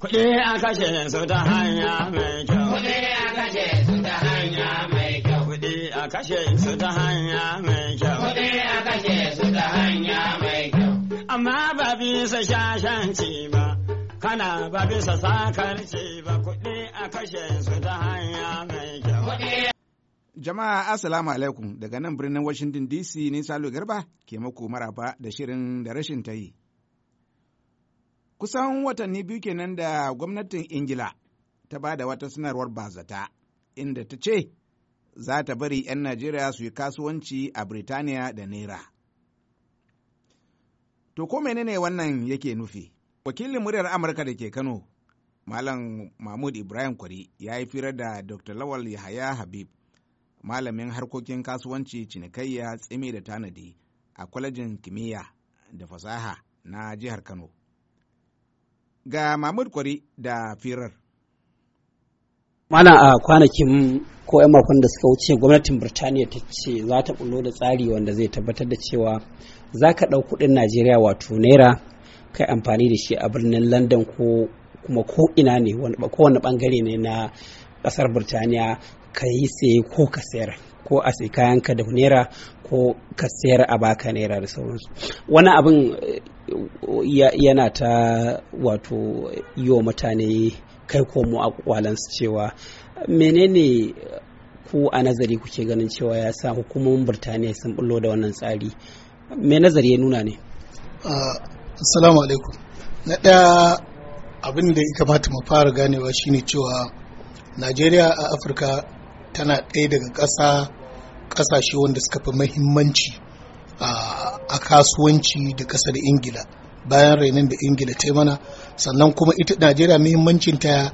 Kuɗi a kashe su ta hanya mai kyau. Kuɗi a kashe su ta hanya mai kyau. Kuɗi a kashe su ta hanya mai kyau. Kuɗi a kashe su ta hanya mai kyau. Amma ba bisa shashanci ba, kana ba bisa sakarci ba, kuɗi a kashe su ta hanya mai kyau. Jama'a Assalamu alaikum daga nan birnin Washington DC ne Salo Garba ke mako maraba da shirin da rashin ta yi. kusan watanni biyu kenan da gwamnatin ingila ta ba da wata sanarwar bazata inda ta ce za ta bari 'yan najeriya su yi kasuwanci a birtaniya da naira to ko menene wannan yake nufi wakilin muryar amurka da ke kano malam mahmud ibrahim kwari ya yi firar da dr lawal yahaya habib malamin harkokin kasuwanci cinikayya tsimi da tanadi a kwalejin kimiyya da fasaha na jihar kano ga Mahmud Kwari da firar. Mana a kwanakin ko 'yan makon da suka wuce gwamnatin Birtaniya ta ce za ta bullo da tsari wanda zai tabbatar da cewa za ka ɗau kuɗin Najeriya wato Naira kai amfani da shi a birnin London ko kuma ko ina ne kowane ɓangare ne na ƙasar Birtaniya ka yi tsaye ko ka sayar. ko a sai kayan ka da naira ko ka sayar a baka naira da sauransu wani abin eh, yana ta wato yi wa mutane kai komo a kwalansu cewa menene ku a nazari kuke ganin cewa ya sa hukumomin birtaniya sun bullo da wannan tsari me nazari ya nuna ne ah, assalamu alaikum na ɗaya abin da ya kamata mu fara ganewa shine cewa najeriya a afirka tana ɗaya daga ƙasa ƙasashe wanda suka fi mahimmanci a kasuwanci da ƙasa da ingila bayan rainon da ingila ta mana sannan kuma ita najeriya muhimmancinta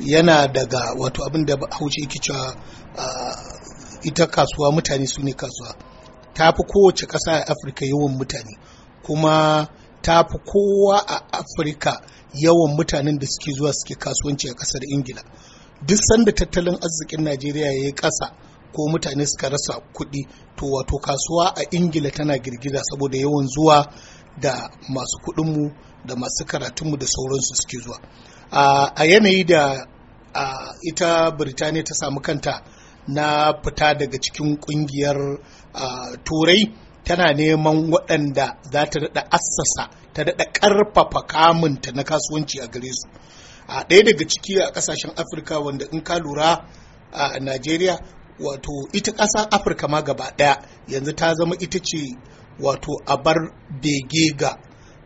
yana daga wato abin da hauce yake cewa ita kasuwa mutane su ne kasuwa ta fi kowace ƙasa a afirka yawan mutane kuma ta fi kowa a afirka yawan mutanen da suke zuwa suke kasuwanci a ƙasar ingila duk sanda tattalin arzikin najeriya ya yi ƙasa ko mutane suka rasa kuɗi to wato kasuwa a ingila tana girgiza saboda yawan zuwa da masu kuɗinmu da masu karatunmu da sauransu suke zuwa a yanayi da ita birtaniya ta samu kanta na fita daga cikin ƙungiyar turai tana neman waɗanda za ta daɗa assasa ta daɗa ƙarfafa kamunta na kasuwanci a gare su a ɗaya daga ciki a ƙasashen afirka wanda in ka lura a najeriya wato ita ƙasa afirka ma gaba ɗaya yanzu ta zama ita ce wato a bar bege ga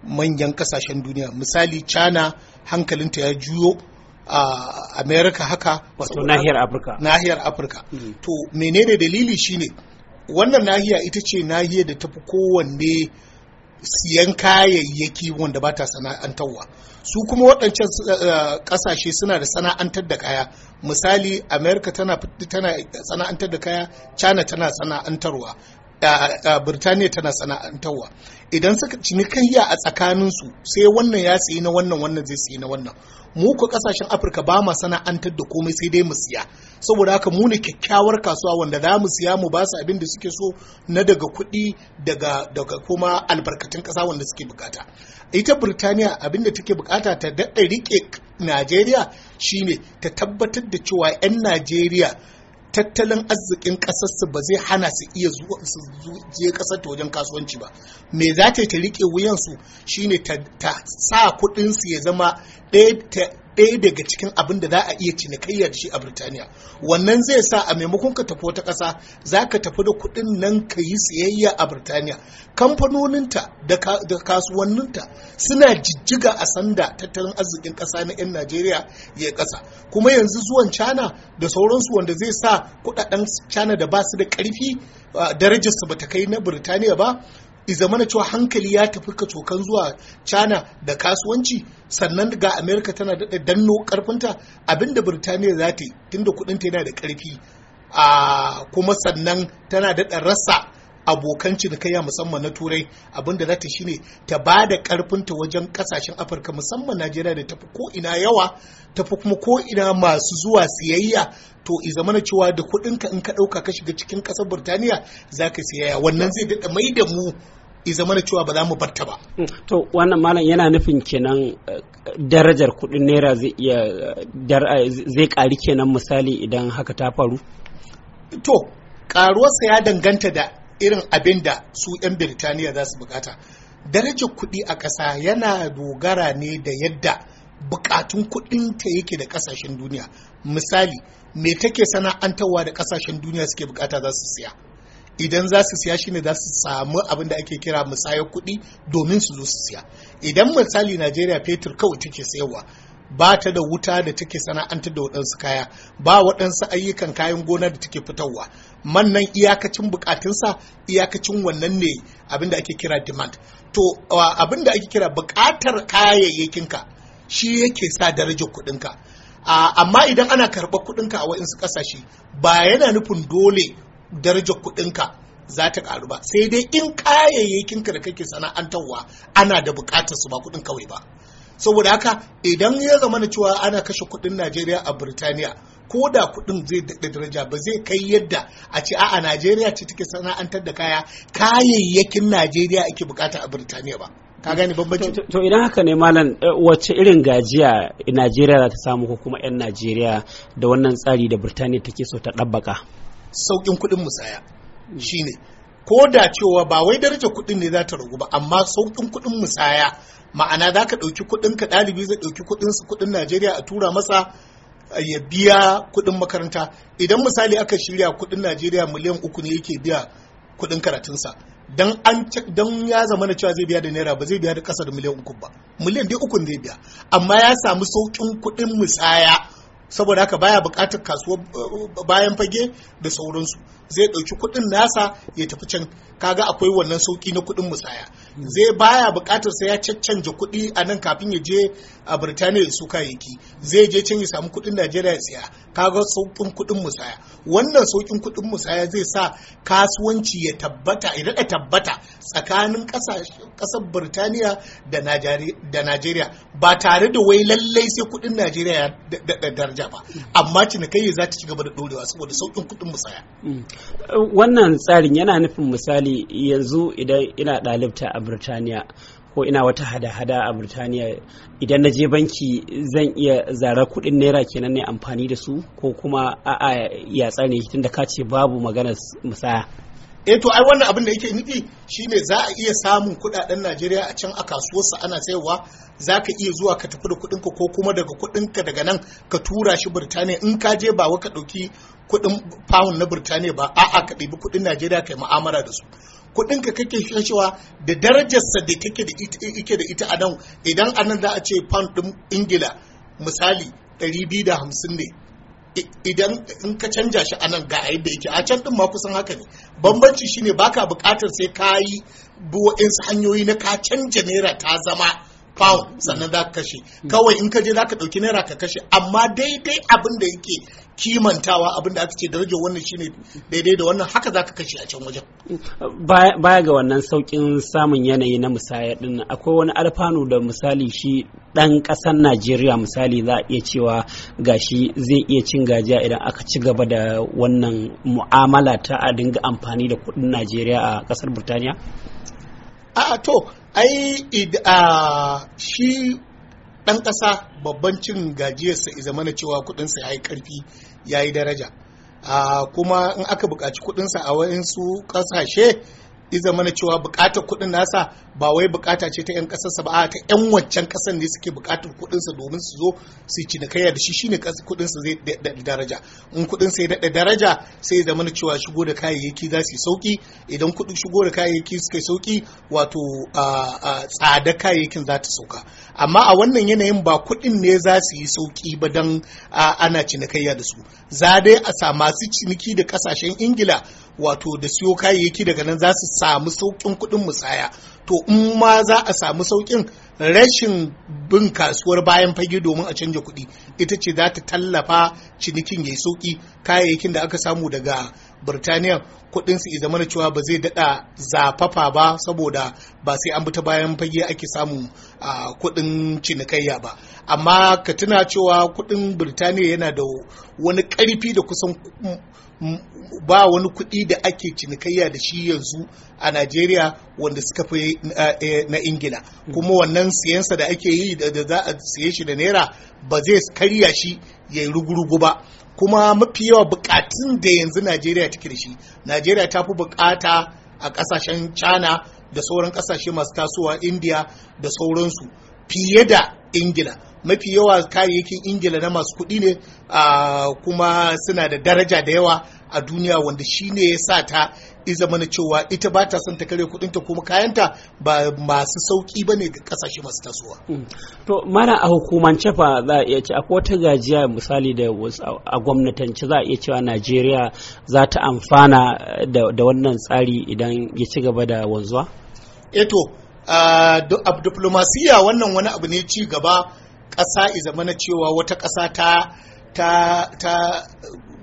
manyan ƙasashen duniya misali china hankalinta ya juyo a america haka wato nahiyar afirka nahiyar afirka mm. to menene dalili shine wannan nahiya ita ce nahiyar da tafi kowanne siyan kayayyaki wanda ba ta sana'antarwa su kuma waɗancan eh, ƙasashe suna da sana'antar da kaya misali america tana sana'antar da kaya china tana sana'antarwa eh, eh, birtaniya tana sana'antarwa idan suka cinikayya a tsakaninsu sai wannan ya sayi na wannan wannan zai sayi na wannan mu ko kasashen afirka ba ma sana'antar da komai sai dai mu siya saboda haka mu kyakkyawar kasuwa wanda za mu siya mu ba su abin da suke so na daga kuɗi daga daga kuma albarkatun ƙasa wanda suke bukata ita birtaniya abin da take bukata ta daɗa riƙe najeriya shine ta tabbatar da cewa 'yan najeriya tattalin arzikin ƙasarsu ba zai hana su iya je ƙasar ta wajen kasuwanci ba me za ta ta riƙe wuyansu shine ta sa kuɗinsu ya zama ɗaya ɗaya daga cikin abin da za a iya cinikayya da shi a Birtaniya wannan zai sa a maimakon ka tafi wata ƙasa za ka tafi da kuɗin nan ka yi siyayya a Birtaniya kamfanoninta da kasuwanninta suna jijjiga a sanda tattalin arzikin ƙasa na 'yan Najeriya ya ƙasa kuma yanzu zuwan Cana da sauransu wanda zai sa kuɗaɗen Cana da ba su da ƙarfi darajarsu ba ta kai na Birtaniya ba izamana cewa hankali ya tafi ka cokan zuwa china da kasuwanci sannan ga america tana da danno karfinta abinda birtaniya za ta yi tunda kudinta yana da karfi a kuma sannan tana daɗa rasa abokan cinikayya musamman na turai abinda za ta shine ta ba da karfinta wajen kasashen afirka musamman najeriya da tafi ko ina yawa tafi kuma ko ina masu zuwa siyayya to i zamana cewa da kuɗinka in ka ɗauka ka shiga cikin ƙasar burtaniya za ka siyayya wannan zai daɗa mai da mu i zamana cewa ba za mu barta ba. Mm, to wannan malam yana nufin kenan eh, darajar kuɗin naira zai iya eh, zai ƙari kenan misali idan haka ta faru. to karuwarsa ya danganta da irin abin da su 'yan birtaniya za su bukata darajar kuɗi a ƙasa yana dogara ne da yadda bukatun kuɗin ta yake da ƙasashen duniya misali me take sana'antarwa da ƙasashen duniya suke bukata za su siya idan za su siya shine za su samu abin da ake kira musayar kuɗi domin su zo su siya idan misali najeriya fetur kawai take sayarwa ba ta da wuta da take sana'antar da waɗansu kaya ba waɗansu ayyukan kayan gona da take fitarwa mannan iyakacin bukatunsa iyakacin wannan ne abinda ake kira demand to abinda ake kira bukatar ka shi yake sa darajar kuɗinka amma idan ana karɓar kuɗinka a waɗansu ƙasashe ba yana nufin dole darajar kuɗinka za ta ƙaru ba sai dai in kayayyakinka da kake sana'antarwa ana da bukatar su ba kuɗin kawai ba saboda haka idan ya zama na cewa ana kashe kudin najeriya a birtaniya ko da kudin zai daɗa daraja ba zai kai yadda a ce a najeriya ce take sana'antar da kaya kayayyakin najeriya ake bukata a birtaniya ba ka gane bambanci to idan haka ne malam eh, wacce irin gajiya najeriya za ta samu ko kuma 'yan najeriya da wannan tsari da birtaniya take so ta ɗabbaka sauƙin kuɗin musaya shine ko da cewa ba wai daraja kuɗin ne za ta ragu ba amma sauƙin kuɗin musaya ma'ana za ka ɗauki kuɗin ka ɗalibi zai ɗauki kuɗin su kuɗin najeriya a tura masa ya biya kuɗin makaranta idan misali aka shirya kuɗin najeriya miliyan uku ne yake biya kuɗin karatunsa dan an dan ya zama na cewa zai biya da naira ba zai biya da ƙasa miliyan uku ba miliyan dai uku zai biya amma ya samu sauƙin kuɗin musaya saboda haka baya bukatar kasuwa eh, bayan fage da sauransu zai ɗauki kuɗin nasa ya tafi can kaga akwai wannan sauki na kuɗin musaya Hmm. zai baya bukatar sai ya caccanja kuɗi a nan kafin ya je a birtaniya ya suka kayayyaki zai je can ya samu kuɗin najeriya ya siya kaga sauƙin kuɗin musaya wannan sauƙin kuɗin musaya zai sa kasuwanci ya tabbata ya daɗa tabbata tsakanin ƙasar birtaniya da najeriya ba tare da wai lallai sai kuɗin najeriya ya daraja ba hmm. amma cinikayya za ta ci gaba da ɗorewa saboda sauƙin kuɗin musaya hmm. wannan tsarin yana nufin misali yanzu idan ina ɗalibta a Birtaniya ko ina wata hada-hada a Birtaniya idan na je banki zan iya zara kuɗin naira kenan ne amfani da su ko kuma a'a ya tsare tunda ka ce babu magana musaya. eh to ai wannan abin da yake nufi shine za a iya samun kudaden Najeriya a can a kasuwarsa ana sayarwa za ka iya zuwa ka tafi da kudinka ko kuma daga kudinka daga nan ka tura shi Birtaniya in ka je ba wa ka dauki kudin pound na Birtaniya ba a'a ka ɗebi kudin Najeriya kai mu'amala da su ka kake kashewa da darajarsa da kake da ita da ita a nan idan a za a ce pound ɗin ingila misali 250 ne idan in ka canja shi a nan ga yadda yake a can ɗin ma kusan haka ne bambanci shine baka bukatar sai ka yi bi hanyoyi na ka canja naira ta zama pound sannan za ka kashe kawai in ka je za ka ɗauki naira ka kashe amma daidai abin da yake kimantawa abin da aka ce darajar wannan shine daidai da wannan haka za ka kashe a can wajen. baya ga wannan saukin samun yanayi na musaya din akwai wani alfanu da misali shi ɗan ƙasar najeriya misali za a iya cewa gashi zai iya cin gajiya idan aka ci gaba da wannan mu'amala ta a dinga amfani da kuɗin najeriya a ƙasar burtaniya. a to ai shi ɗan ƙasa babban cin gajiyarsa i zamana cewa kuɗinsa ya yi ƙarfi ya yi daraja kuma in aka buƙaci kuɗinsa a waɗansu ƙasashe iza mana cewa bukatar kudin nasa ba wai bukata ce ta 'yan kasarsa ba ta 'yan wancan kasar ne suke bukatar kudinsa domin su zo su yi cinikayya da shi shine kudinsa zai daɗe daraja in kudinsa ya daɗa daraja sai zama na cewa shigo da kayayyaki za su yi sauki idan kudin shigo da kayayyaki suka yi sauki wato tsada kayayyakin za ta sauka amma a wannan yanayin ba kudin ne za su yi sauki ba dan ana cinikayya da su za dai a sa masu ciniki da kasashen ingila wato da siyo kayayyaki daga nan za su samu sauƙin kuɗin musaya to in ma za a samu sauƙin rashin bin kasuwar bayan fage domin a canja kuɗi ita ce za ta tallafa cinikin ya yi sauƙi kayayyakin da aka samu daga birtaniya kuɗin su zama cewa ba zai daɗa zafafa ba saboda ba sai an buta bayan fage ake samun kuɗin cinikayya ba amma ka tuna cewa kuɗin birtaniya yana da wani ƙarfi da kusan mm, mm, ba wani kuɗi da ake cinikayya da shi yanzu a najeriya wanda suka fi na ingila kuma wannan siyansa da ake yi da za a siye shi da naira ba zai karya shi ya yi rugurugu ba kuma mafi yawa bukatun da yanzu najeriya take da shi najeriya ta fi bukata a kasashen china da sauran kasashe masu tasowa india da sauransu fiye da ingila mafi yawa kayayyakin ingila na masu kuɗi ne kuma suna da daraja da yawa a duniya wanda shi ne ya sa ta iza mana cewa ita ba ta son ta kare kudinta kuma kayanta ba masu sauki ba ne ga kasashe masu tasowa. Hmm. to mana a hukumance fa za a iya ce a wata gajiya misali da a gwamnatance za a iya cewa najeriya za ta amfana eh, da wannan tsari idan ya ci gaba da wanzuwa? eto eh a diplomasiya wannan wani abu ne ci gaba ƙasa i na cewa wata ƙasa ta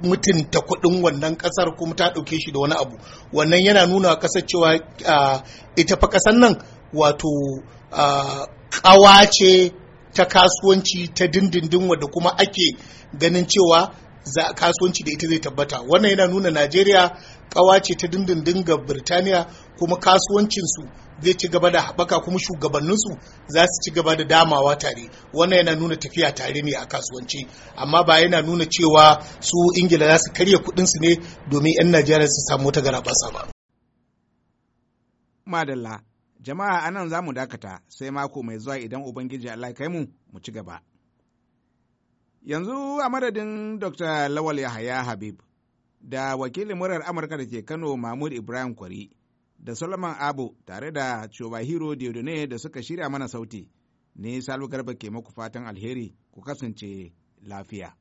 mutunta kuɗin wannan ƙasar kuma ta ɗauke shi da wani abu wannan yana nuna ƙasar cewa ita fa ƙasar nan wato ƙawa ce ta kasuwanci ta dindindin wadda kuma ake ganin cewa za kasuwanci da ita zai tabbata wannan yana nuna najeriya ƙawa ce ta dindindin ga birtaniya kuma kasuwancinsu zai ci gaba da haɓaka kuma shugabanninsu za su ci gaba da damawa tare wannan yana nuna tafiya tare ne a kasuwanci amma ba yana nuna cewa su ingila za su karya kuɗinsu ne domin 'yan najeriya su samu ta garabasa ba madalla jama'a anan za mu dakata sai mako mai zuwa idan ubangiji allah kai mu mu ci gaba yanzu a madadin dr lawal yahaya habib da wakilin murar amurka da ke kano mahmud ibrahim kwari da Solomon Abu tare da Chobahiro Diodone da suka shirya mana sauti. Ne Salu Garba ke muku fatan alheri ku kasance lafiya.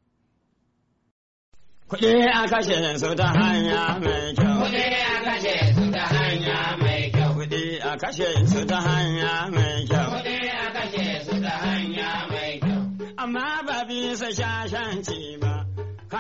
Kuɗi a kashe su ta hanya mai kyau. Kuɗi a kashe su ta hanya mai kyau. Kuɗi a kashe su ta hanya mai kyau. Kuɗi a kashe su ta hanya mai kyau. Amma ba bisa shashanci ba.